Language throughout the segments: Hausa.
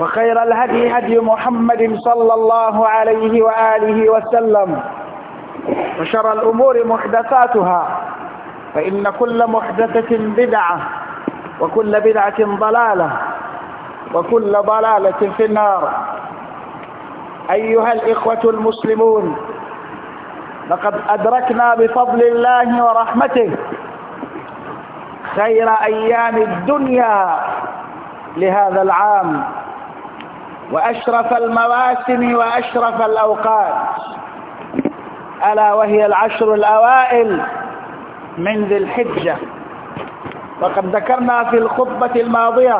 وخير الهدي هدي محمد صلى الله عليه وآله وسلم وشر الأمور محدثاتها فإن كل محدثة بدعة وكل بدعة ضلالة وكل ضلالة في النار أيها الإخوة المسلمون لقد أدركنا بفضل الله ورحمته خير أيام الدنيا لهذا العام وأشرف المواسم وأشرف الأوقات ألا وهي العشر الأوائل من ذي الحجة وقد ذكرنا في الخطبة الماضية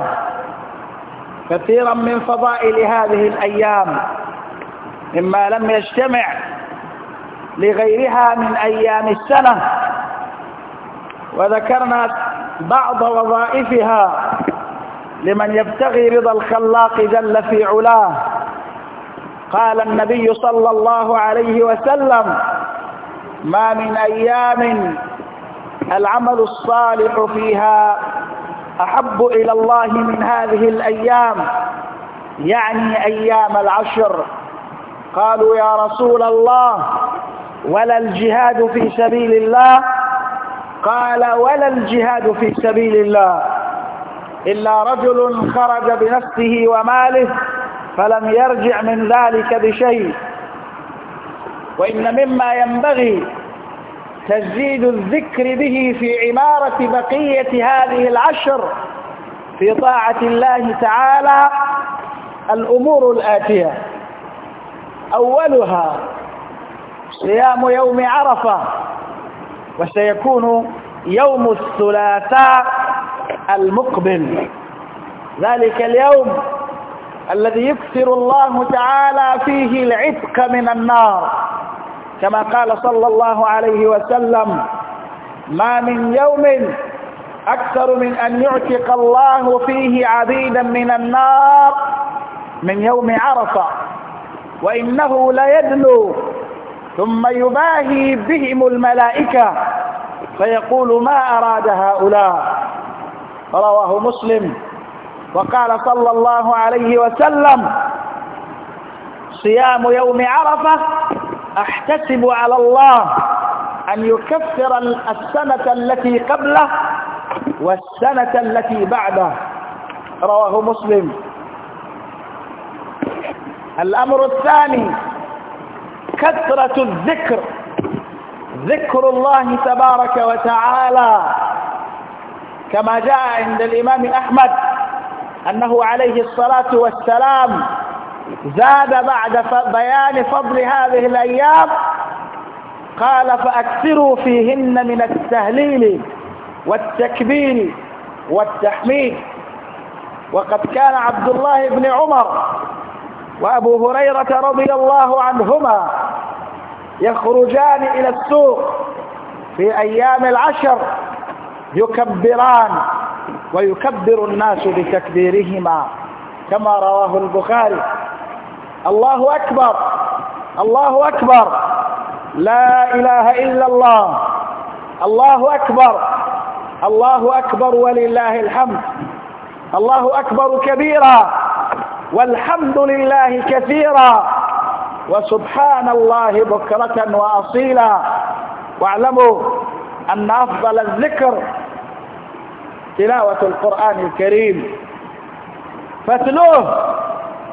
كثيرا من فضائل هذه الأيام مما لم يجتمع لغيرها من أيام السنة وذكرنا بعض وظائفها لمن يبتغي رضا الخلاق جل في علاه قال النبي صلى الله عليه وسلم ما من أيام العمل الصالح فيها أحب إلى الله من هذه الأيام يعني أيام العشر قالوا يا رسول الله ولا الجهاد في سبيل الله قال ولا الجهاد في سبيل الله إلا رجل خرج بنفسه وماله فلم يرجع من ذلك بشيء وإن مما ينبغي تجديد الذكر به في عمارة بقية هذه العشر في طاعة الله تعالى الأمور الآتية أولها صيام يوم عرفة وسيكون يوم الثلاثاء المقبل ذلك اليوم الذي يكثر الله تعالى فيه العتق من النار كما قال صلى الله عليه وسلم ما من يوم أكثر من أن يعتق الله فيه عبيدا من النار من يوم عرفة وإنه ليدنو ثم يباهي بهم الملائكة فيقول ما أراد هؤلاء رواه مسلم وقال صلى الله عليه وسلم صيام يوم عرفة أحتسب على الله أن يكفر السنة التي قبله والسنة التي بعده رواه مسلم الأمر الثاني كثرة الذكر ذكر الله تبارك وتعالى كما جاء عند الإمام أحمد أنه عليه الصلاة والسلام زاد بعد بيان فضل هذه الأيام قال فأكثروا فيهن من التهليل والتكبير والتحميد وقد كان عبد الله بن عمر وأبو هريرة رضي الله عنهما يخرجان إلى السوق في أيام العشر يكبران ويكبر الناس بتكبيرهما كما رواه البخاري الله أكبر الله أكبر لا إله إلا الله الله أكبر الله أكبر ولله الحمد الله أكبر كبيرا والحمد لله كثيرا وسبحان الله بكرة وأصيلا واعلموا أن أفضل الذكر تلاوة القرآن الكريم فاتلوه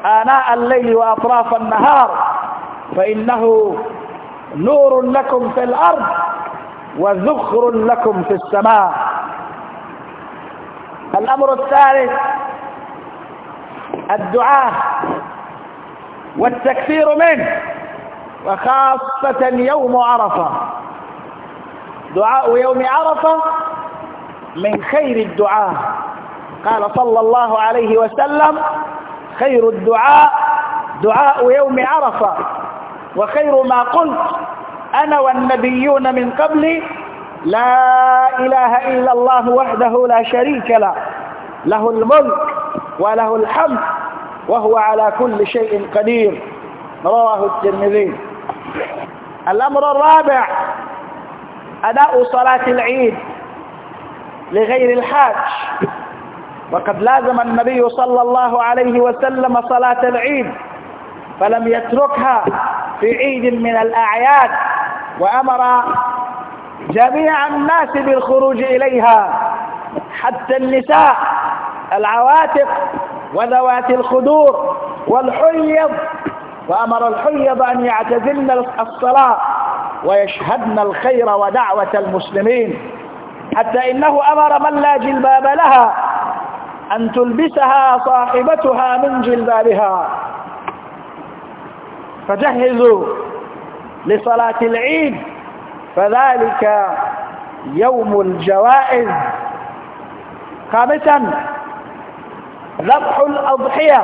آناء الليل وأطراف النهار فإنه نور لكم في الأرض وذخر لكم في السماء الأمر الثالث الدعاء والتكثير منه وخاصة يوم عرفة دعاء يوم عرفة من خير الدعاء قال صلى الله عليه وسلم خير الدعاء دعاء يوم عرفة وخير ما قلت أنا والنبيون من قبلي لا إله إلا الله وحده لا شريك له له الملك وله الحمد وهو على كل شيء قدير رواه الترمذي الأمر الرابع أداء صلاة العيد لغير الحاج وقد لازم النبي صلى الله عليه وسلم صلاة العيد فلم يتركها في عيد من الأعياد وأمر جميع الناس بالخروج إليها حتى النساء العواتق وذوات الخدور والحيض وأمر الحيض أن يعتزلن الصلاة ويشهدن الخير ودعوة المسلمين حتى إنه أمر من لا جلباب لها أن تلبسها صاحبتها من جلبابها فجهزوا لصلاة العيد فذلك يوم الجوائز خامسا ذبح الأضحية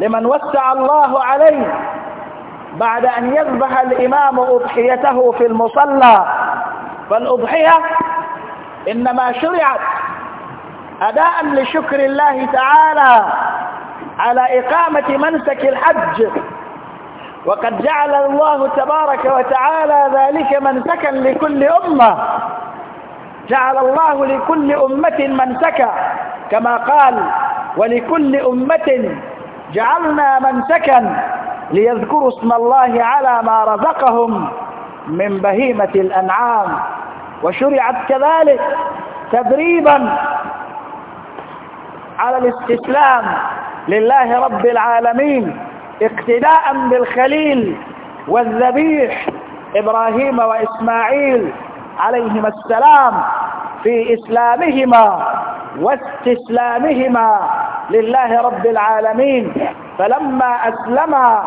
لمن وسع الله عليه بعد أن يذبح الإمام أضحيته في المصلى فالأضحية إنما شرعت أداء لشكر الله تعالى على إقامة منسك الحج وقد جعل الله تبارك وتعالى ذلك منسكا لكل أمة جعل الله لكل أمة منسكا كما قال ولكل أمة جعلنا منسكا ليذكروا اسم الله على ما رزقهم من بهيمة الأنعام وشرعت كذلك تدريبا على الاستسلام لله رب العالمين اقتداء بالخليل والذبيح إبراهيم وإسماعيل عليهما السلام في إسلامهما واستسلامهما لله رب العالمين فلما أسلما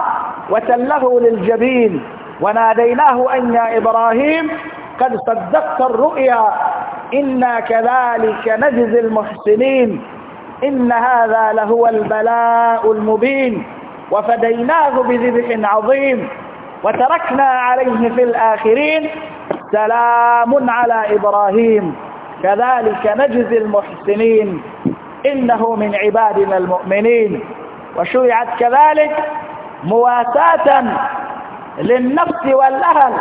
وتله للجبين وناديناه أن يا إبراهيم قد صدقت الرؤيا إنا كذلك نجزي المحسنين إن هذا لهو البلاء المبين وفديناه بذبح عظيم وتركنا عليه في الآخرين سلام على إبراهيم كذلك نجزي المحسنين إنه من عبادنا المؤمنين وشرعت كذلك مواساة للنفس والأهل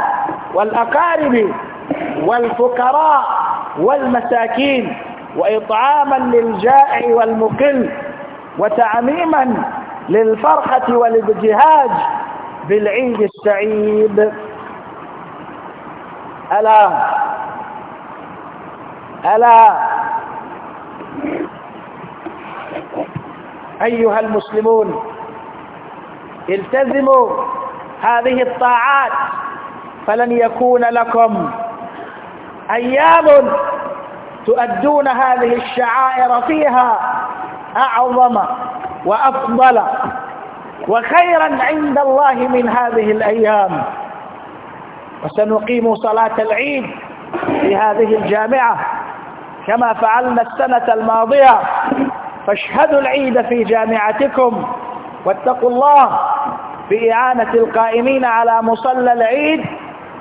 والأقارب والفقراء والمساكين وإطعاما للجائع والمقل وتعميما للفرحة والابتهاج بالعيد السعيد ألا ألا أيها المسلمون التزموا هذه الطاعات فلن يكون لكم أيام تؤدون هذه الشعائر فيها أعظم وأفضل وخيرا عند الله من هذه الأيام وسنقيم صلاة العيد في هذه الجامعة كما فعلنا السنة الماضية فاشهدوا العيد في جامعتكم واتقوا الله بإعانة القائمين على مصلى العيد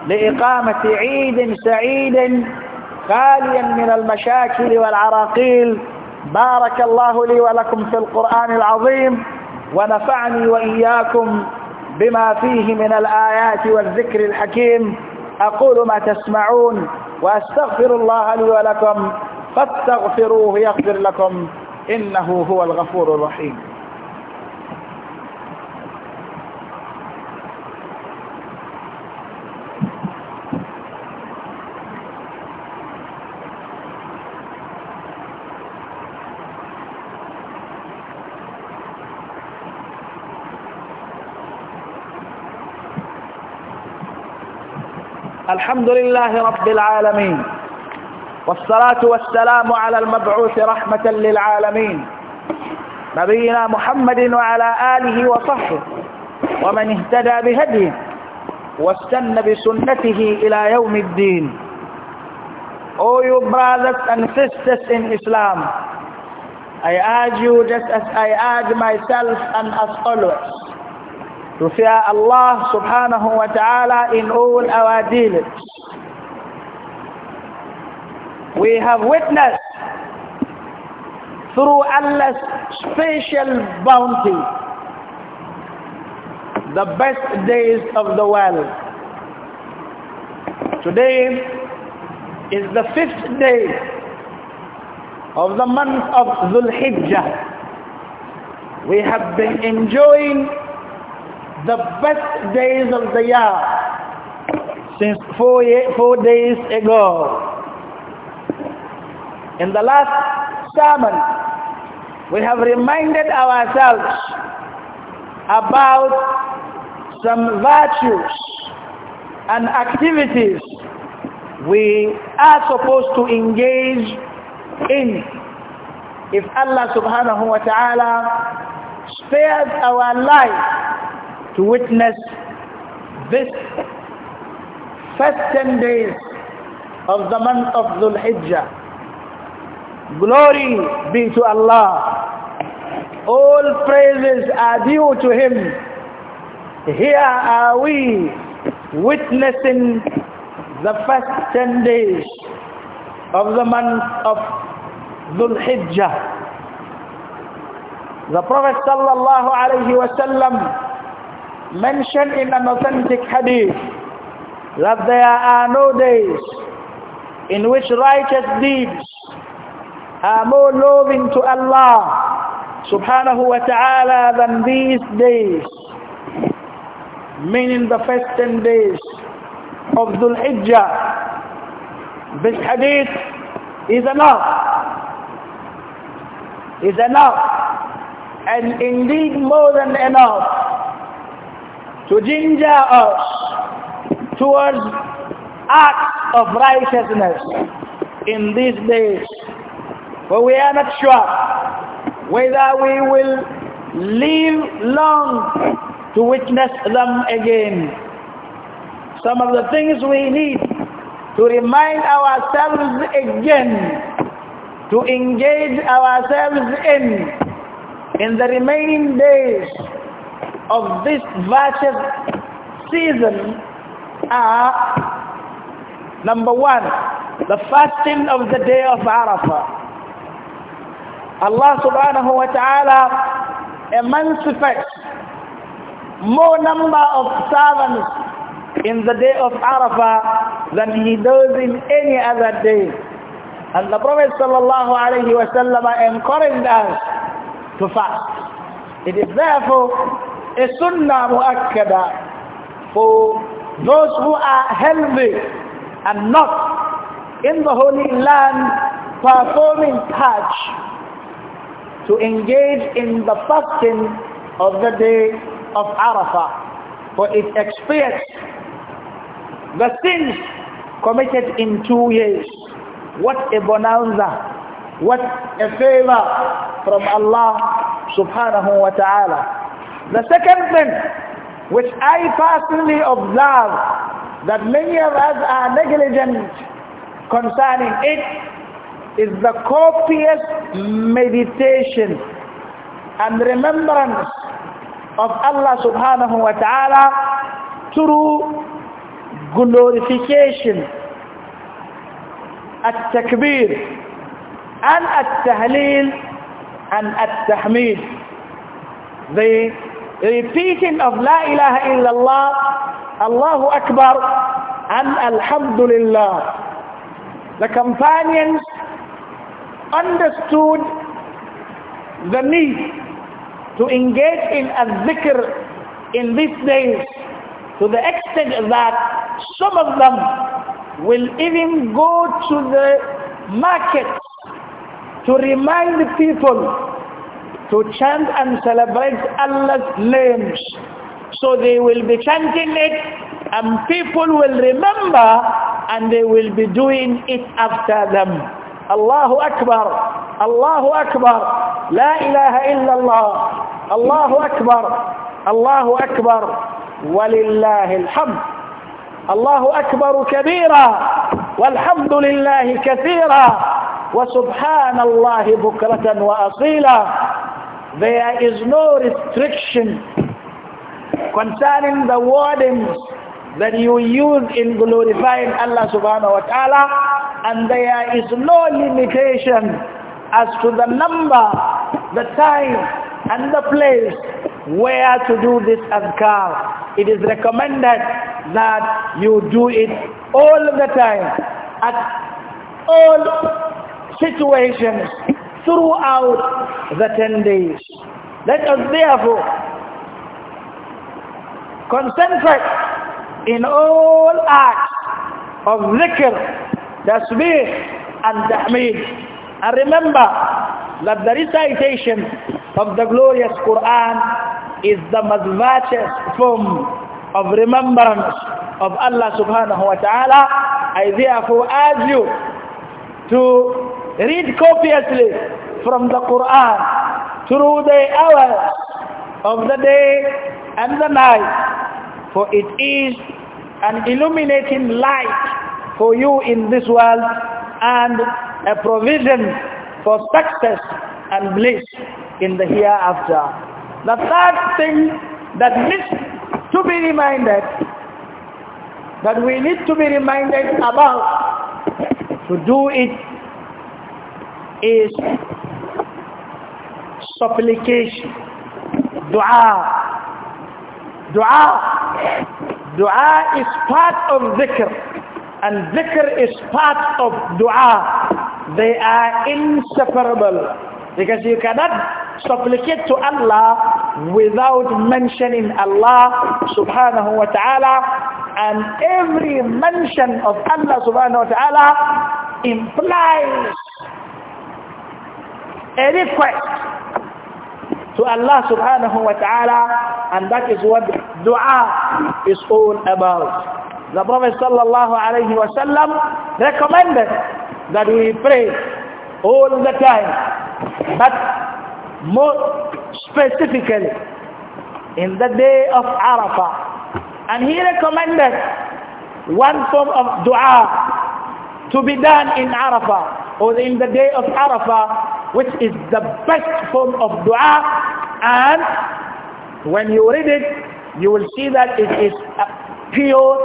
لإقامة عيد سعيد خاليا من المشاكل والعراقيل بارك الله لي ولكم في القرآن العظيم ونفعني وإياكم بما فيه من الآيات والذكر الحكيم أقول ما تسمعون وأستغفر الله لي ولكم فاستغفروه يغفر لكم إنه هو الغفور الرحيم الحمد لله رب العالمين والصلاة والسلام على المبعوث رحمة للعالمين نبينا محمد وعلى آله وصحبه ومن اهتدى بهديه واستنى بسنته إلى يوم الدين Oh you brothers and sisters in Islam I urge you just as I urge myself and as always to Allah subhanahu wa ta'ala in all our dealings. We have witnessed through Allah's special bounty the best days of the world. Today is the fifth day of the month of Dhul Hijjah. We have been enjoying the best days of the year since four, year, four days ago. In the last sermon, we have reminded ourselves about some virtues and activities we are supposed to engage in if Allah subhanahu wa ta'ala spares our life to witness this first 10 days of the month of Dhul Hijjah. Glory be to Allah. All praises are due to Him. Here are we witnessing the first 10 days of the month of Dhul Hijjah. The Prophet sallallahu alayhi wa sallam mentioned in an authentic hadith that there are no days in which righteous deeds are more loving to Allah subhanahu wa ta'ala than these days meaning the first 10 days of Dhul Hijjah this hadith is enough is enough and indeed more than enough to ginger us towards acts of righteousness in these days. For we are not sure whether we will live long to witness them again. Some of the things we need to remind ourselves again, to engage ourselves in, in the remaining days of this virtuous season are number one the fasting of the day of Arafah Allah subhanahu wa ta'ala emancipates more number of servants in the day of Arafah than he does in any other day and the Prophet sallallahu alaihi wasallam encouraged us to fast it is therefore a sunnah mu'akkada for those who are healthy and not in the Holy Land performing Hajj to engage in the fasting of the day of Arafah for it expiates the sins committed in two years what a bonanza what a favor from Allah subhanahu wa ta'ala the second thing which I personally observe that many of us are negligent concerning it is the copious meditation and remembrance of Allah subhanahu wa ta'ala through glorification at takbir and at haleel, and at the repeating of La ilaha illallah, Allahu Akbar, and Alhamdulillah. The companions understood the need to engage in a dhikr in these days to the extent that some of them will even go to the market to remind the people to chant and celebrate Allah's names. So they will be chanting it and people will remember and they will be doing it after them. Allahu Akbar, Allahu Akbar, La ilaha illallah, Allahu Akbar, Allahu Akbar, ولله الحمد الله أكبر كبيرا والحمد لله كثيرا وسبحان الله بكرة وأصيلا There is no restriction concerning the wordings that you use in glorifying Allah subhanahu wa ta'ala and there is no limitation as to the number, the time and the place where to do this adhkar. It is recommended that you do it all the time at all situations throughout the 10 days. Let us therefore concentrate in all acts of zikr, tasbih and tahmid. And remember that the recitation of the glorious Quran is the most form of remembrance of Allah subhanahu wa ta'ala. I therefore urge you to read copiously from the Quran through the hours of the day and the night for it is an illuminating light for you in this world and a provision for success and bliss in the hereafter. The third thing that needs to be reminded, that we need to be reminded about to do it is supplication, dua, dua. Dua is part of dhikr and dhikr is part of dua. They are inseparable because you cannot supplicate to Allah without mentioning Allah subhanahu wa ta'ala and every mention of Allah subhanahu wa ta'ala implies a request to Allah subhanahu wa ta'ala and that is what dua is all about. The Prophet sallallahu alayhi wa sallam recommended that we pray all the time but more specifically in the day of Arafah and he recommended one form of dua to be done in Arafah or in the day of Arafah which is the best form of dua and when you read it you will see that it is pure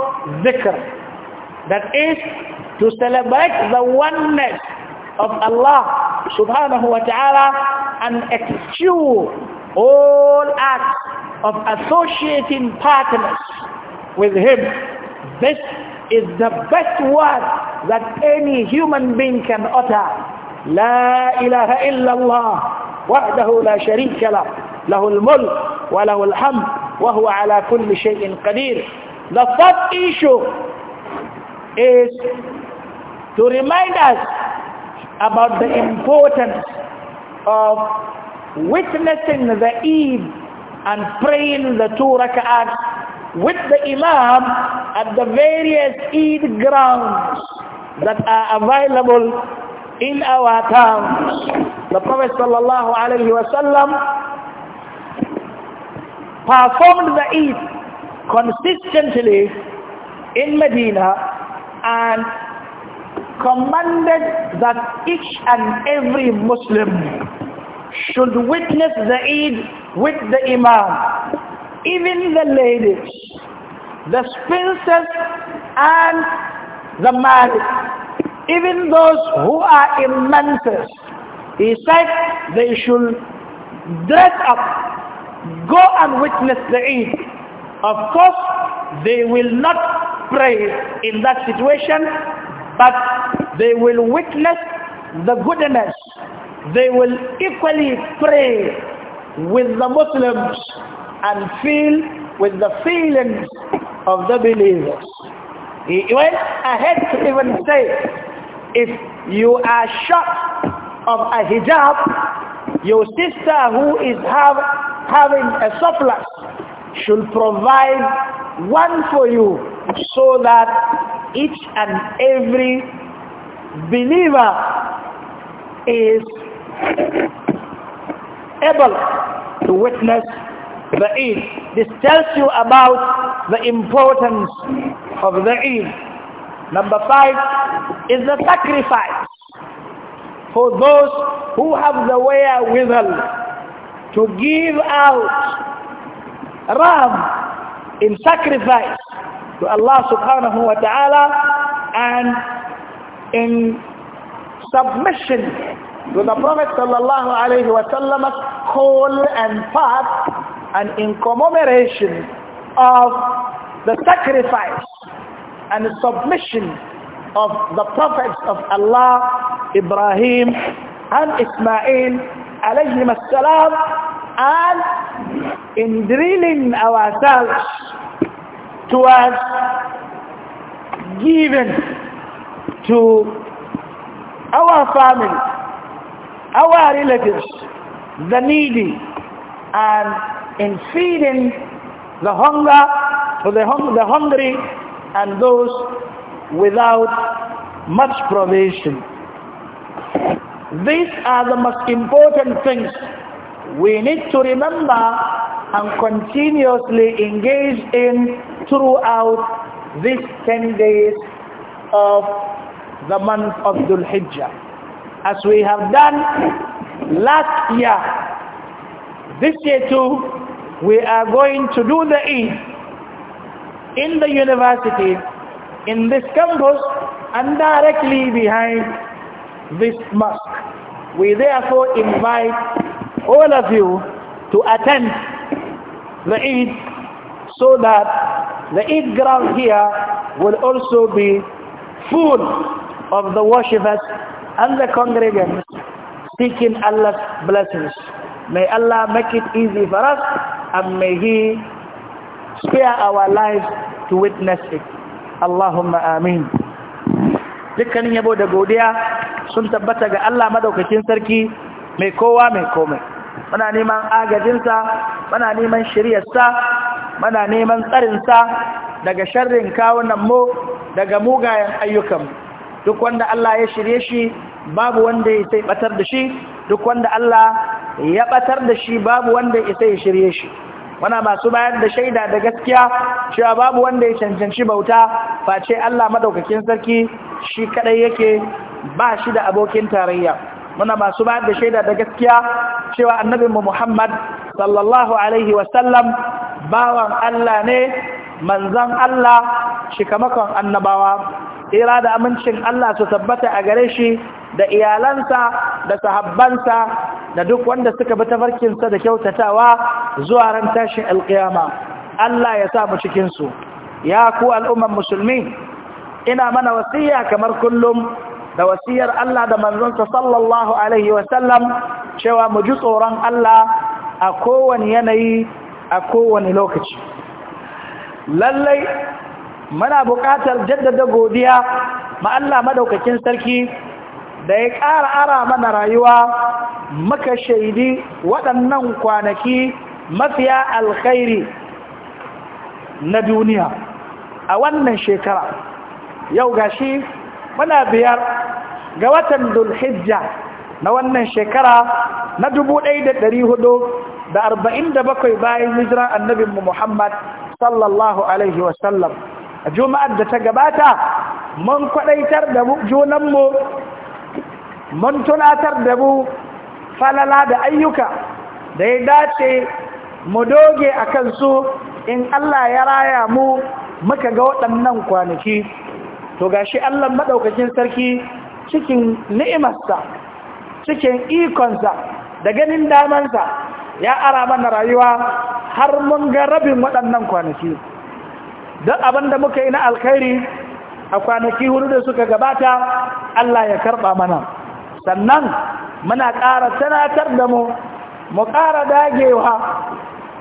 zikr. that is to celebrate the oneness of Allah subhanahu wa ta'ala and eschew all acts of associating partners with him this is the best word that any human being can utter لا إله إلا الله وحده لا شريك له له الملك وله الحمد وهو على كل شيء قدير The fourth issue is to remind us about the importance of witnessing the Eid and praying the two rak'at with the Imam at the various Eid grounds that are available in our times, the Prophet sallallahu performed the Eid consistently in Medina and commanded that each and every Muslim should witness the Eid with the Imam, even the ladies, the spinsters and the married even those who are in mantas, he said they should dress up, go and witness the Eid. Of course, they will not pray in that situation, but they will witness the goodness. They will equally pray with the Muslims and feel with the feelings of the believers. He went ahead to even say if you are short of a hijab, your sister who is have, having a surplus should provide one for you so that each and every believer is able to witness the Eid. This tells you about the importance of the Eid. Number five is the sacrifice for those who have the wherewithal to give out ram in sacrifice to Allah subhanahu wa ta'ala and in submission to the Prophet sallallahu alayhi wa sallam's call and path and in commemoration of the sacrifice and submission of the prophets of Allah, Ibrahim and Ismail alayhim salam and in drilling ourselves towards giving to our family, our relatives, the needy and in feeding the hunger, the, hung the hungry and those without much provision. These are the most important things we need to remember and continuously engage in throughout these 10 days of the month of Dhul Hijjah. As we have done last year, this year too, we are going to do the Eid in the university, in this campus, and directly behind this mosque. We therefore invite all of you to attend the Eid so that the Eid ground here will also be full of the worshippers and the congregants seeking Allah's blessings. May Allah make it easy for us and may He spare our lives to witness it Allahumma amin dukkanin yabo da godiya sun tabbata ga Allah madaukakin sarki mai kowa mai komai muna neman agajinsa muna neman shiryarsa muna neman tsarinsa daga sharrin kawunan mu daga mugayen ayyukan duk wanda Allah ya shirye shi babu wanda ya sai batar da shi duk wanda Allah ya batar da shi babu wanda ya sai shirye shi muna masu bayar da shaida da gaskiya cewa babu wanda ya cancanci bauta face Allah madaukakin sarki shi kadai yake ba shi da abokin tarayya muna masu bayar da shaida da gaskiya cewa annabinmu Muhammad sallallahu alaihi wasallam bawan Allah ne manzon Allah shikamakon annabawa tsira da amincin Allah su tabbata a gare shi da iyalansa da sahabbansa da duk wanda suka bi tafarkinsa da kyautatawa zuwa ran tashin alkiyama Allah ya samu cikinsu ya ku al'umman musulmi ina mana wasiya kamar kullum da wasiyar Allah da manzonsa sallallahu alaihi wasallam cewa mu ji tsoron Allah a kowane yanayi a kowane lokaci lallai muna buƙatar jaddada godiya ma Allah madaukakin sarki da ya ƙara ara mana rayuwa muka shaidi waɗannan kwanaki mafiya alkhairi na duniya a wannan shekara yau gashi muna biyar ga watan dulhijja na wannan shekara na bakwai bayan hijiran annabinmu Muhammad sallallahu alaihi wasallam a juma'ar da ta gabata mun kwadaitar da junanmu mun tunatar da mu falala da ayyuka da ya dace mu doge a kansu in Allah ya raya mu muka ga waɗannan kwanaki to gashi Allah maɗaukakin sarki cikin ni'imarsa cikin ikonsa da ganin damansa ya ara mana rayuwa har mun ga rabin waɗannan kwanaki don abin da muka yi na alkhairi a kwanaki hudu da suka gabata Allah ya karɓa mana sannan muna ƙara sanatar da mu mu ƙara dagewa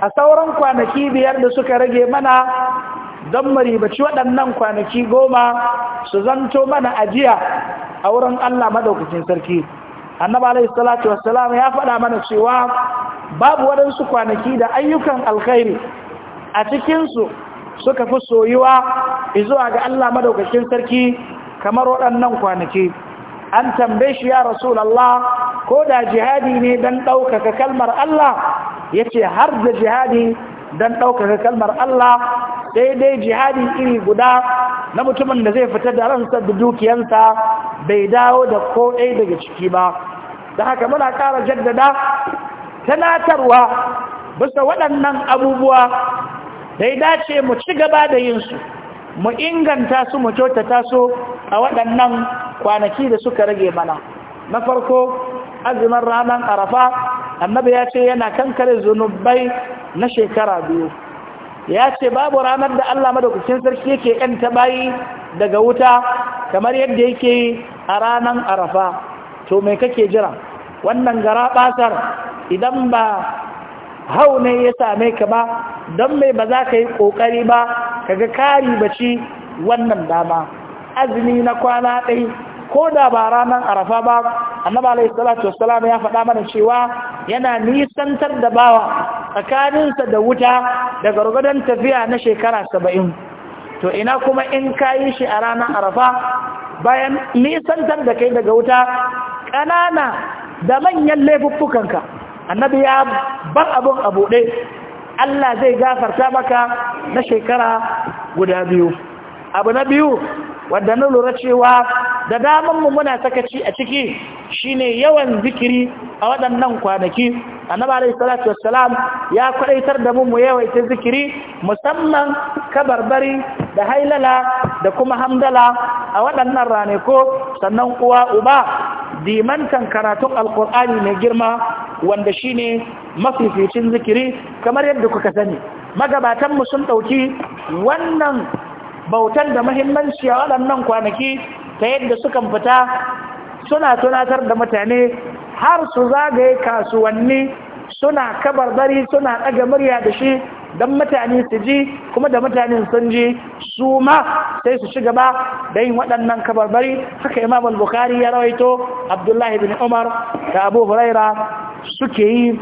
a sauran kwanaki biyar da suka rage mana don maribaci waɗannan kwanaki goma su zanto mana ajiya a wurin Allah maɗaukacin sarki annaba alaihi salatu ya faɗa mana cewa babu waɗansu kwanaki da ayyukan alkhairi a cikinsu suka fi soyuwa izuwa ga Allah madaukakin sarki kamar waɗannan kwanaki an tambaye shi ya rasulallah ko da jihadi ne don ɗaukaka kalmar Allah yace har da jihadi don ɗaukaka kalmar Allah daidai jihadi iri guda na mutumin da zai fita da ransa da dukiyansa bai dawo da ko ɗaya daga ciki ba da haka muna ƙara jaddada tanatarwa bisa waɗannan abubuwa sai dace mu ci gaba da yin su mu inganta su mu kyautata su a waɗannan kwanaki da suka rage mana na farko azumin ranar arafa annabi ya ce yana kankare zunubai na shekara biyu ya ce babu ranar da Allah madaukakin sarki yake ta bayi daga wuta kamar yadda yake yi a ranar arafa to mai kake jira wannan gara basar idan ba hau ne ya same ka ba don mai ba za ka yi ƙoƙari ba ka ga kari ba ci wannan dama azumi na kwana ɗai ko da ba ranar arafa ba annaba alaihissalatu wassalam ya faɗa mana cewa yana nisantar da bawa tsakaninsa da wuta da gargadon tafiya na shekara saba'in to ina kuma in ka yi shi a ranar arafa bayan nisantar da kai daga wuta ƙanana da manyan laifuffukanka annabi ya bar abin a buɗe Allah zai gafarta maka na shekara guda biyu abu na biyu wadda na lura cewa da damanmu mu muna sakaci a ciki shine yawan zikiri a waɗannan kwanaki annabi alayhi salatu wassalam ya kwadaitar da mu mu yawaita zikiri musamman kabarbari da hailala da kuma hamdala a waɗannan ranako sannan uwa uba dimantan karatun alkur'ani mai girma wanda shine mafificin zikiri kamar yadda kuka sani magabatanmu sun ɗauki wannan bautan da mahimmanci a waɗannan kwanaki ta yadda suka fita suna tunatar da mutane har su zagaye kasuwanni suna kabarbari suna ɗaga murya da shi don mutane su ji kuma da mutane sun ji su ma sai su ci gaba da yin waɗannan kabarbari haka imam al-bukhari ya rawaito abdullahi bin umar da abu huraira suke yi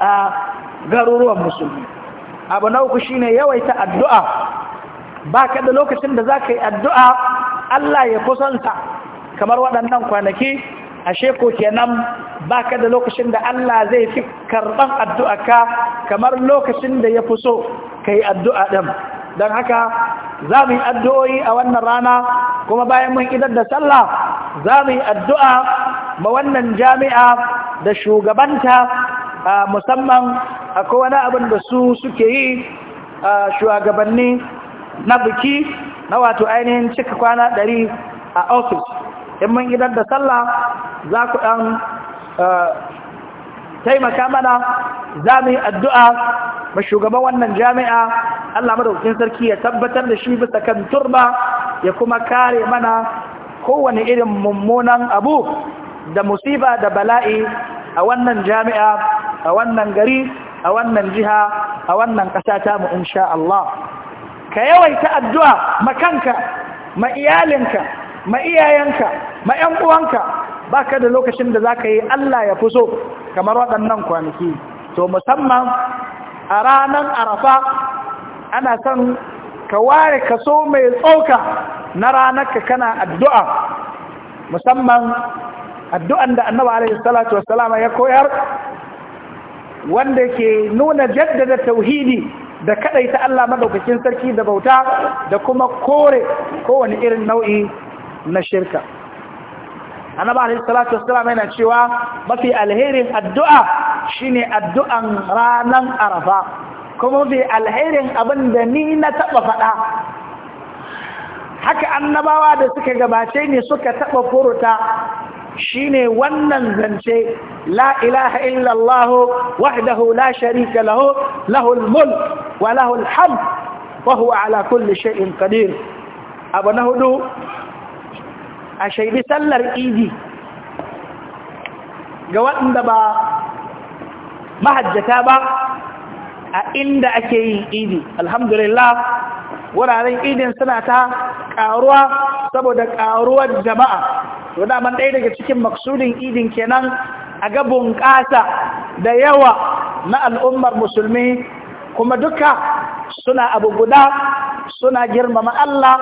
a garuruwan musulmi abu na uku shine yawaita addu'a ba ka da lokacin da za ka yi addu'a Allah ya kusanta kamar waɗannan kwanaki a ko kenan ba ka da lokacin da Allah zai fi karɓar ka kamar lokacin da ya fi so ka yi addu'a ɗin don haka za mu yi addu'o'i a wannan rana kuma bayan mun idar da sallah za mu yi addu'a ma wannan jami'a da shugabanta musamman akwai wani abin da su suke yi shugabanni na biki na wato ainihin cika kwana ɗari a ofis in mun idan da sallah za ku ɗan eh, taimaka mana za mu yi addu'a ba shugaban wannan jami'a Allah madaukin sarki ya tabbatar da shi bisa kan turba ya kuma kare mana kowane irin mummunan abu da musiba da bala'i a wannan jami'a a wannan gari a wannan jiha a wannan ƙasa ta mu sha Allah ka yawaita addu'a kanka, ma iyalinka ma iyayenka ma ‘yan uwanka ba ka da lokacin da za ka yi Allah ya fi so kamar waɗannan kwanaki to musamman a ranar arafa ana son ka ware so mai tsoka na ranar ka kana addu'a musamman addu'an da annaba alaihi salatu wasalama ya koyar wanda ke nuna jaddada tauhidi da kaɗai ta Allah madaukakin sarki da bauta da kuma kore kowane irin nau'i na shirka annabi alaihi salatu wassalam yana cewa mafi alherin addu'a shine addu'an ranan arafa kuma mafi alherin abin da ni na taba faɗa haka annabawa da suka gabace ne suka taba furuta shine wannan zance la ilaha illallahu wahdahu la sharika lahu lahul mulk wa lahul hamd wa huwa ala kulli shay'in qadir abu na hudu a shaidi sallar idi ga waɗanda ba mahajjata ba a inda ake yin idi alhamdulillah wuraren idin suna ta ƙaruwa saboda ƙaruwar jama'a to daman ɗaya daga cikin maksudin idin kenan a ga bunƙasa da yawa na al'ummar musulmi kuma duka suna abu guda suna girmama Allah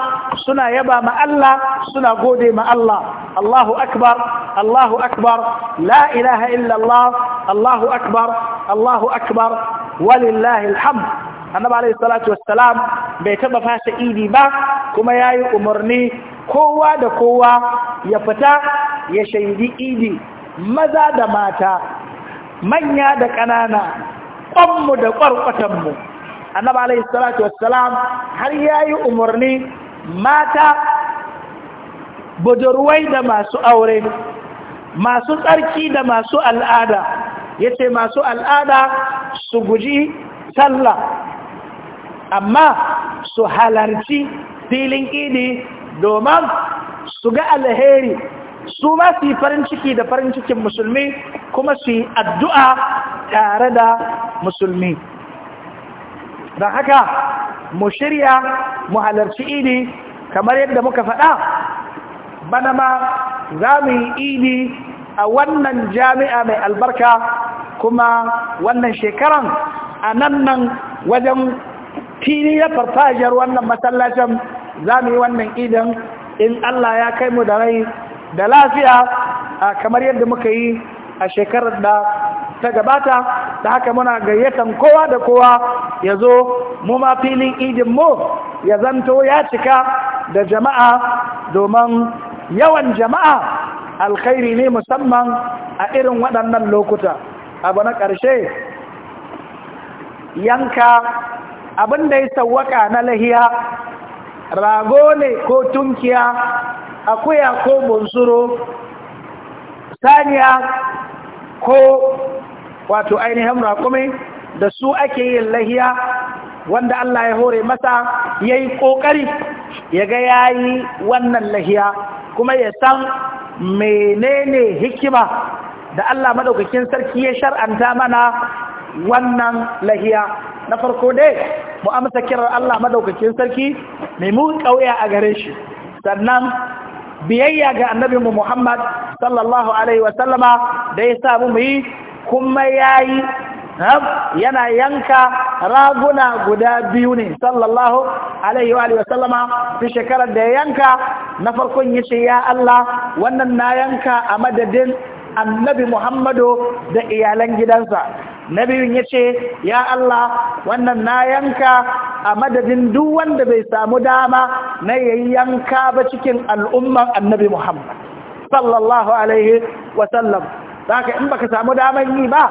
suna yaba ma Allah suna gode ma Allah Allahu akbar Allahu akbar la ilaha illa Allah Allahu akbar Allahu akbar walillahi alhamd annabi alayhi salatu wassalam bai taba fasa idi ba kuma yayi umarni kowa da kowa ya fita ya shaidi idi maza da mata manya da ƙanana kwanmu da kwarkwatanmu annabi alayhi salatu wassalam har yayi umarni mata budurwai da masu aure masu tsarki da masu al'ada yace masu al'ada su guji sallah amma su halarci filin idi domin su ga alheri su ma su yi farin ciki da farin cikin musulmi kuma su yi addu'a tare da musulmi Da haka mu shirya mu halarci idi kamar yadda muka faɗa bana ma za mu yi idi a wannan jami'a mai albarka kuma wannan shekaran a nan nan wajen fili ya farfajiyar wannan masallacin za mu yi wannan idan in Allah ya kai mu da rai da lafiya kamar yadda muka yi a shekarar da ta gabata da haka muna gayyatan kowa da kowa ya zo mu ma filin idin mu ya zanto ya cika da jama'a domin yawan jama'a alkhairi ne musamman a irin waɗannan lokuta abu na ƙarshe yanka abin da ya sawwaka na lahiya rago ne ko tunkiya akuya ko bunsuro saniya ko wato ainihin raƙumi da su ake yin lahiya wanda Allah ya hore masa ya yi ƙoƙari ya ga ya yi wannan lahiya kuma ya san menene hikima da Allah maɗaukakin sarki ya shar'anta mana wannan lahiya na farko dai mu amsa kirar Allah madaukakin sarki mai mun kauya a gare shi sannan biyayya ga annabi mu Muhammad sallallahu alaihi wa sallama da ya sa mu yi kuma yayi yana yanka raguna guda biyu ne sallallahu alaihi wa sallama fi shekarar da yanka na farkon yace ya Allah wannan na yanka a madadin annabi Muhammadu da iyalan gidansa na biyun ya ce ya Allah wannan na yanka a madadin duk wanda bai samu dama na yayi yanka ba cikin al'umman annabi Muhammad sallallahu alaihi wasallam zaka in baka samu daman yi ba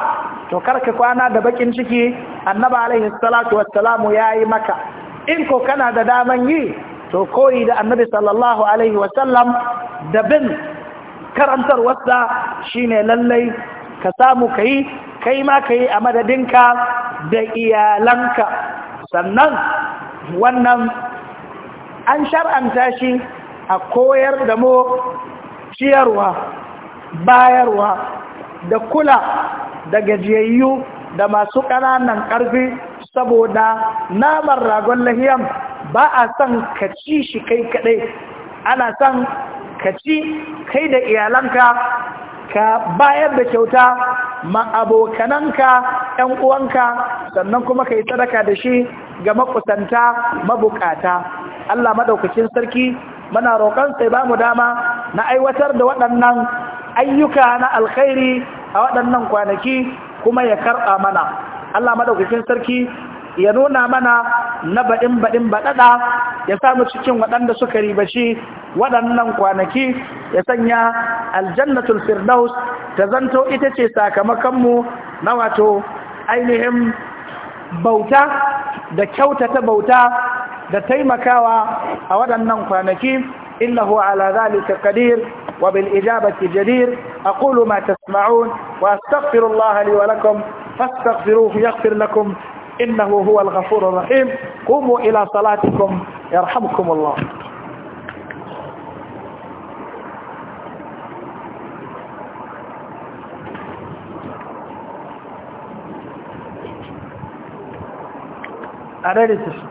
to karka kwana da bakin ciki annabi alaihi salatu wassalamu yayi maka in ko kana da daman yi to koyi da annabi sallallahu alaihi wasallam da bin karantarwarsa ne lallai ka samu ka yi kai ma ka yi a madadinka da iyalanka sannan wannan an shar'anta shi a koyar da mu ciyarwa bayarwa da kula da gajiyayyu da masu ƙananan ƙarfi saboda naman ragon lahiyan ba a son ka ci shi kai kaɗai ana son ka ci kai da iyalanka ka bayar da kyauta ma abokananka ‘yan uwanka sannan kuma ka yi sadaka da shi ga makusanta mabukata Allah maɗaukacin sarki mana roƙon sai ba mu dama na aiwatar da waɗannan ayyuka na alkhairi a waɗannan kwanaki kuma ya karɓa mana Allah maɗaukacin sarki ya nuna mana na baɗin baɗin baɗaɗa ya samu cikin waɗanda suka ribaci waɗannan kwanaki ya sanya aljannatul firdaus ta zanto ita ce sakamakonmu na wato ainihin bauta da kyautata bauta da taimakawa a waɗannan kwanaki innahu ala zalika إنه على ذلك قدير وبالإجابة جدير أقول ما تسمعون وأستغفر li wa lakum فاستغفروه يغفر لكم إنه هو الغفور الرحيم قوموا إلى صلاتكم يرحمكم الله أنا لتشهد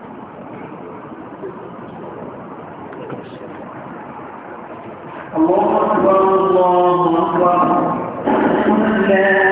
الله أكبر الله أكبر